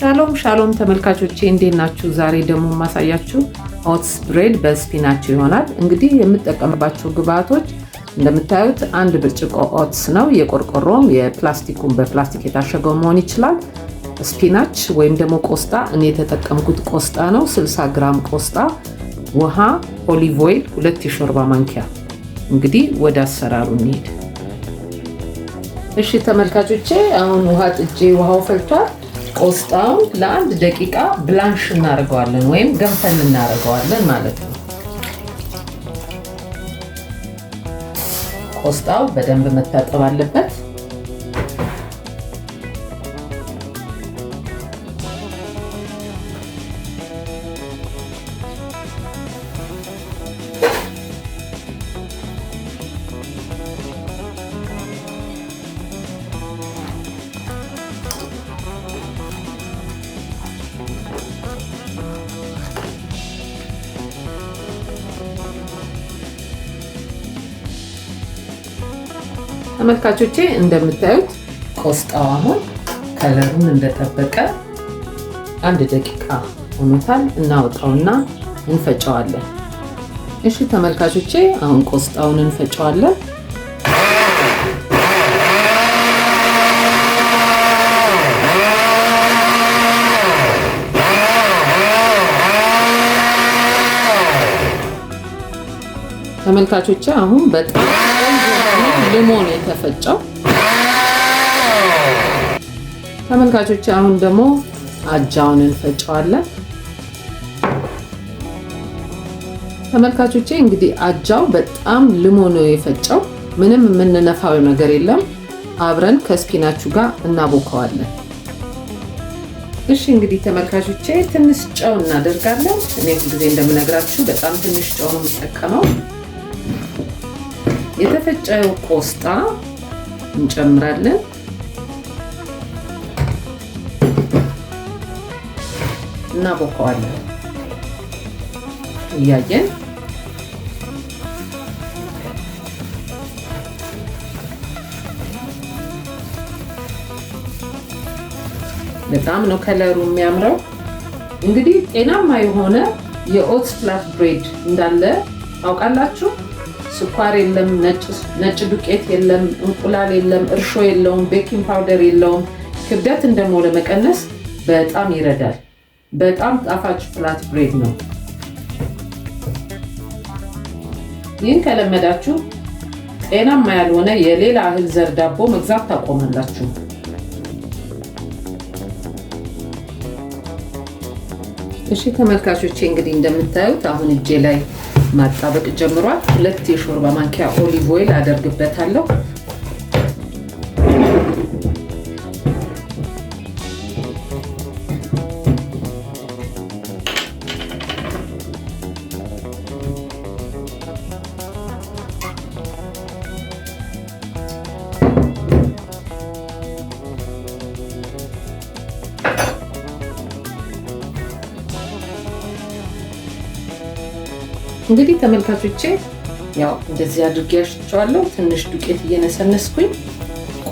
ሻሎም ሻሎም ተመልካቾቼ እንዴት ናችሁ? ዛሬ ደግሞ ማሳያችሁ ኦትስ ብሬድ በስፒናች ይሆናል። እንግዲህ የምጠቀምባቸው ግብአቶች እንደምታዩት አንድ ብርጭቆ ኦትስ ነው። የቆርቆሮም የፕላስቲኩን በፕላስቲክ የታሸገው መሆን ይችላል። ስፒናች ወይም ደግሞ ቆስጣ፣ እኔ የተጠቀምኩት ቆስጣ ነው። 60 ግራም ቆስጣ፣ ውሃ፣ ኦሊቭ ኦይል ሁለት የሾርባ ማንኪያ። እንግዲህ ወደ አሰራሩ እንሄድ። እሺ ተመልካቾቼ አሁን ውሃ ጥጄ ውሃው ፈልቷል። ቆስጣውን ለአንድ ደቂቃ ብላንሽ እናደርገዋለን ወይም ገንፈል እናደርገዋለን ማለት ነው። ቆስጣው በደንብ መታጠብ አለበት። ተመልካቾቼ እንደምታዩት ቆስጣው አሁን ከለሩን እንደጠበቀ አንድ ደቂቃ ሆኖታል። እናወጣውና እንፈጨዋለን። እሺ ተመልካቾቼ አሁን ቆስጣውን እንፈጨዋለን። ተመልካቾቼ አሁን በጣም ሊሞን የተፈጨው። ተመልካቾች አሁን ደግሞ አጃውን እንፈጨዋለን። ተመልካቾቼ እንግዲህ አጃው በጣም ልሞ ነው የፈጨው። ምንም የምንነፋው ነገር የለም። አብረን ከስፒናቹ ጋር እናቦከዋለን። እሺ እንግዲህ ተመልካቾቼ ትንሽ ጨው እናደርጋለን። እኔ ሁልጊዜ እንደምነግራችሁ በጣም ትንሽ ጨው ነው የምጠቀመው። የተፈጨው ቆስጣ እንጨምራለን። እናቦከዋለን እያየን በጣም ነው ከለሩ የሚያምረው። እንግዲህ ጤናማ የሆነ የኦትስ ፍላት ብሬድ እንዳለ ታውቃላችሁ። ስኳር የለም፣ ነጭ ዱቄት የለም፣ እንቁላል የለም፣ እርሾ የለውም፣ ቤኪንግ ፓውደር የለውም። ክብደትን ደግሞ ለመቀነስ በጣም ይረዳል። በጣም ጣፋጭ ፍላት ብሬድ ነው። ይህን ከለመዳችሁ ጤናማ ያልሆነ የሌላ እህል ዘር ዳቦ መግዛት ታቆማላችሁ። እሺ ተመልካቾቼ እንግዲህ እንደምታዩት አሁን እጄ ላይ ማጣበቅ ጀምሯል። ሁለት የሾርባ ማንኪያ ኦሊቭ ኦይል አደርግበታለሁ። እንግዲህ ተመልካቾቼ ያው እንደዚህ አድርጌ ያሽቸዋለሁ። ትንሽ ዱቄት እየነሰነስኩኝ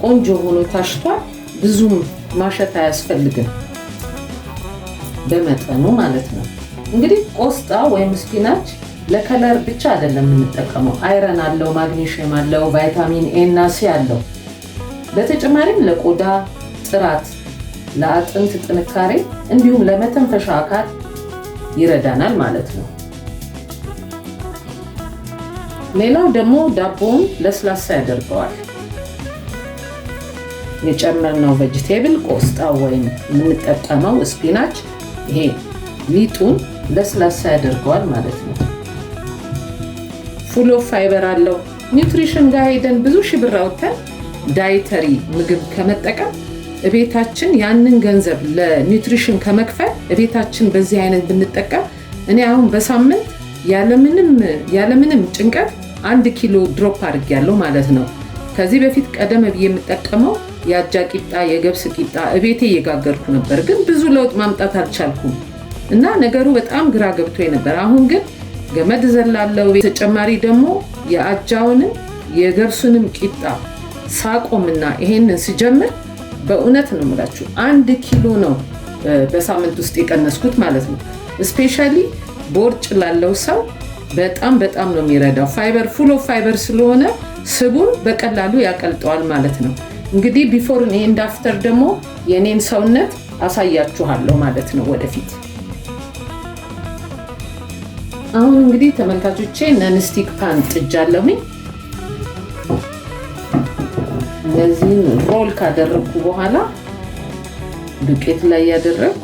ቆንጆ ሆኖ ታሽቷል። ብዙም ማሸት አያስፈልግም፣ በመጠኑ ማለት ነው። እንግዲህ ቆስጣ ወይም ስፒናች ለከለር ብቻ አይደለም የምንጠቀመው። አይረን አለው፣ ማግኔሽየም አለው፣ ቫይታሚን ኤ እና ሲ አለው። በተጨማሪም ለቆዳ ጥራት፣ ለአጥንት ጥንካሬ እንዲሁም ለመተንፈሻ አካል ይረዳናል ማለት ነው። ሌላው ደግሞ ዳቦውን ለስላሳ ያደርገዋል። የጨመርነው ቬጅቴብል ቆስጣ ወይም የምንጠቀመው ስፒናች ይሄ ሊጡን ለስላሳ ያደርገዋል ማለት ነው። ፉሎ ፋይበር አለው። ኒውትሪሽን ጋር ሄደን ብዙ ሺህ ብር አውጥተን ዳይተሪ ምግብ ከመጠቀም እቤታችን ያንን ገንዘብ ለኒውትሪሽን ከመክፈል እቤታችን በዚህ አይነት ብንጠቀም እኔ አሁን በሳምንት ያለምንም ጭንቀት አንድ ኪሎ ድሮፕ ያለው ማለት ነው። ከዚህ በፊት ቀደም ብዬ የምጠቀመው የአጃ ቂጣ፣ የገብስ ቂጣ እቤቴ እየጋገርኩ ነበር፣ ግን ብዙ ለውጥ ማምጣት አልቻልኩም እና ነገሩ በጣም ግራ ገብቶ ነበር። አሁን ግን ገመድ ዘላለው። ተጨማሪ ደግሞ የአጃውንም የገብሱንም ቂጣ ሳቆምና ይሄንን ስጀምር በእውነት ነው የምላችሁ አንድ ኪሎ ነው በሳምንት ውስጥ የቀነስኩት ማለት ነው። እስፔሻሊ ቦርጭ ላለው ሰው በጣም በጣም ነው የሚረዳው። ፋይበር ፉሎ ፋይበር ስለሆነ ስቡን በቀላሉ ያቀልጠዋል ማለት ነው። እንግዲህ ቢፎር ኤንድ አፍተር ደግሞ የኔን ሰውነት አሳያችኋለሁ ማለት ነው ወደፊት። አሁን እንግዲህ ተመልካቾቼ ነንስቲክ ፓን ጥጃለሁኝ። እነዚህን ሮል ካደረግኩ በኋላ ዱቄት ላይ ያደረግኩ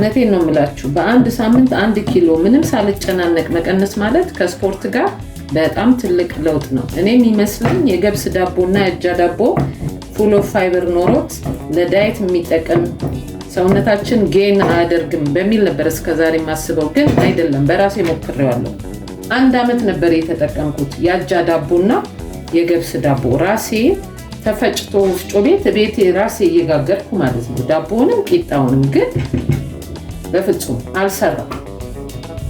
እውነቴን ነው የምላችሁ በአንድ ሳምንት አንድ ኪሎ ምንም ሳልጨናነቅ መቀነስ ማለት ከስፖርት ጋር በጣም ትልቅ ለውጥ ነው። እኔ የሚመስለኝ የገብስ ዳቦ እና የአጃ ዳቦ ፉል ፋይበር ኖሮት ለዳየት የሚጠቅም ሰውነታችን ጌን አያደርግም በሚል ነበር እስከዛሬ የማስበው፣ ግን አይደለም። በራሴ ሞክሬዋለሁ። አንድ ዓመት ነበር የተጠቀምኩት የአጃ ዳቦና የገብስ ዳቦ ራሴ ተፈጭቶ ወፍጮ ቤት ቤቴ ራሴ እየጋገርኩ ማለት ነው። ዳቦውንም ቂጣውንም ግን በፍጹም አልሰራም።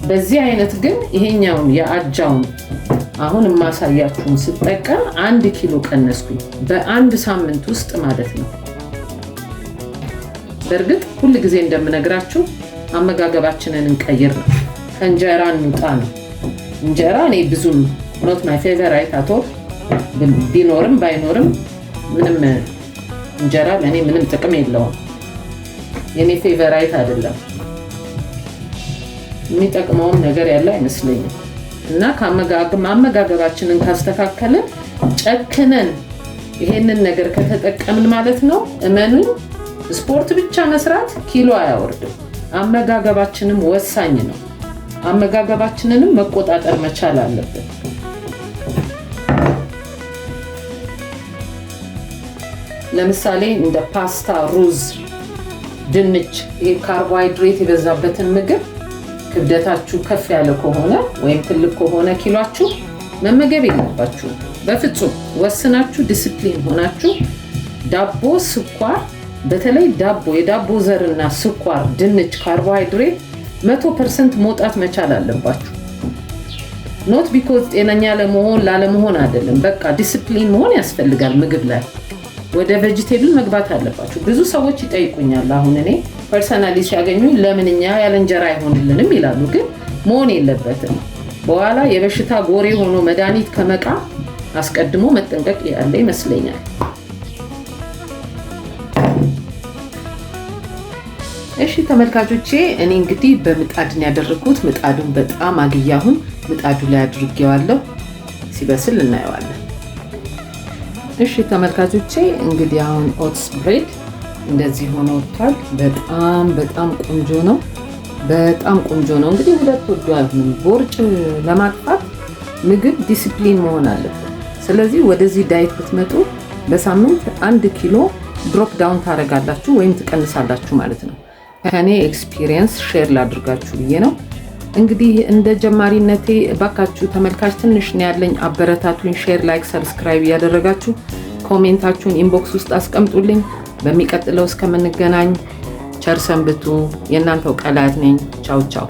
በዚህ አይነት ግን ይሄኛውን የአጃውን አሁን የማሳያችሁን ስጠቀም አንድ ኪሎ ቀነስኩኝ በአንድ ሳምንት ውስጥ ማለት ነው። በእርግጥ ሁል ጊዜ እንደምነግራችሁ አመጋገባችንን እንቀይር ነው፣ ከእንጀራ እንውጣ ነው። እንጀራ እኔ ብዙም ኖት ማይ ፌቨራይት አቶ ቢኖርም ባይኖርም ምንም እንጀራ ለእኔ ምንም ጥቅም የለውም። የእኔ ፌቨራይት አይደለም። የሚጠቅመውም ነገር ያለ አይመስለኝም። እና ማመጋገባችንን ካስተካከልን ጨክነን ይሄንን ነገር ከተጠቀምን ማለት ነው፣ እመኑ ስፖርት ብቻ መስራት ኪሎ አያወርድም። አመጋገባችንም ወሳኝ ነው። አመጋገባችንንም መቆጣጠር መቻል አለብን። ለምሳሌ እንደ ፓስታ፣ ሩዝ፣ ድንች ካርቦሃይድሬት የበዛበትን ምግብ ክብደታችሁ ከፍ ያለ ከሆነ ወይም ትልቅ ከሆነ ኪሏችሁ መመገብ የለባችሁ። በፍጹም ወስናችሁ ዲስፕሊን ሆናችሁ ዳቦ፣ ስኳር፣ በተለይ ዳቦ የዳቦ ዘርና ስኳር፣ ድንች፣ ካርቦሃይድሬት መቶ ፐርሰንት መውጣት መቻል አለባችሁ። ኖት ቢኮዝ ጤነኛ ለመሆን ላለመሆን አይደለም። በቃ ዲስፕሊን መሆን ያስፈልጋል ምግብ ላይ ወደ ቬጅቴብል መግባት አለባችሁ። ብዙ ሰዎች ይጠይቁኛል አሁን እኔ ፐርሰናሊ ሲያገኙ ለምን እኛ ያለ እንጀራ አይሆንልንም ይላሉ። ግን መሆን የለበትም። በኋላ የበሽታ ጎሬ ሆኖ መድኃኒት ከመቃ አስቀድሞ መጠንቀቅ ያለ ይመስለኛል። እሺ ተመልካቾቼ፣ እኔ እንግዲህ በምጣድን ያደረግኩት ምጣዱን በጣም አግያሁን ምጣዱ ላይ አድርጌዋለሁ። ሲበስል እናየዋለን። እሺ ተመልካቾቼ፣ እንግዲህ አሁን ኦትስ ብሬድ እንደዚህ ሆኖ ወጥቷል። በጣም በጣም ቆንጆ ነው። በጣም ቆንጆ ነው። እንግዲህ ሁለት ወዶ ቦርጭ ለማጥፋት ምግብ ዲሲፕሊን መሆን አለበት። ስለዚህ ወደዚህ ዳይት ብትመጡ በሳምንት አንድ ኪሎ ድሮፕ ዳውን ታደርጋላችሁ ወይም ትቀንሳላችሁ ማለት ነው። ከኔ ኤክስፒሪየንስ ሼር ላድርጋችሁ ብዬ ነው። እንግዲህ እንደ ጀማሪነቴ እባካችሁ ተመልካች ትንሽ ነው ያለኝ፣ አበረታቱኝ። ሼር፣ ላይክ፣ ሰብስክራይብ እያደረጋችሁ ኮሜንታችሁን ኢንቦክስ ውስጥ አስቀምጡልኝ። በሚቀጥለው እስከምንገናኝ ቸር ሰንብቱ። የእናንተው ቀላት ነኝ። ቻው ቻው።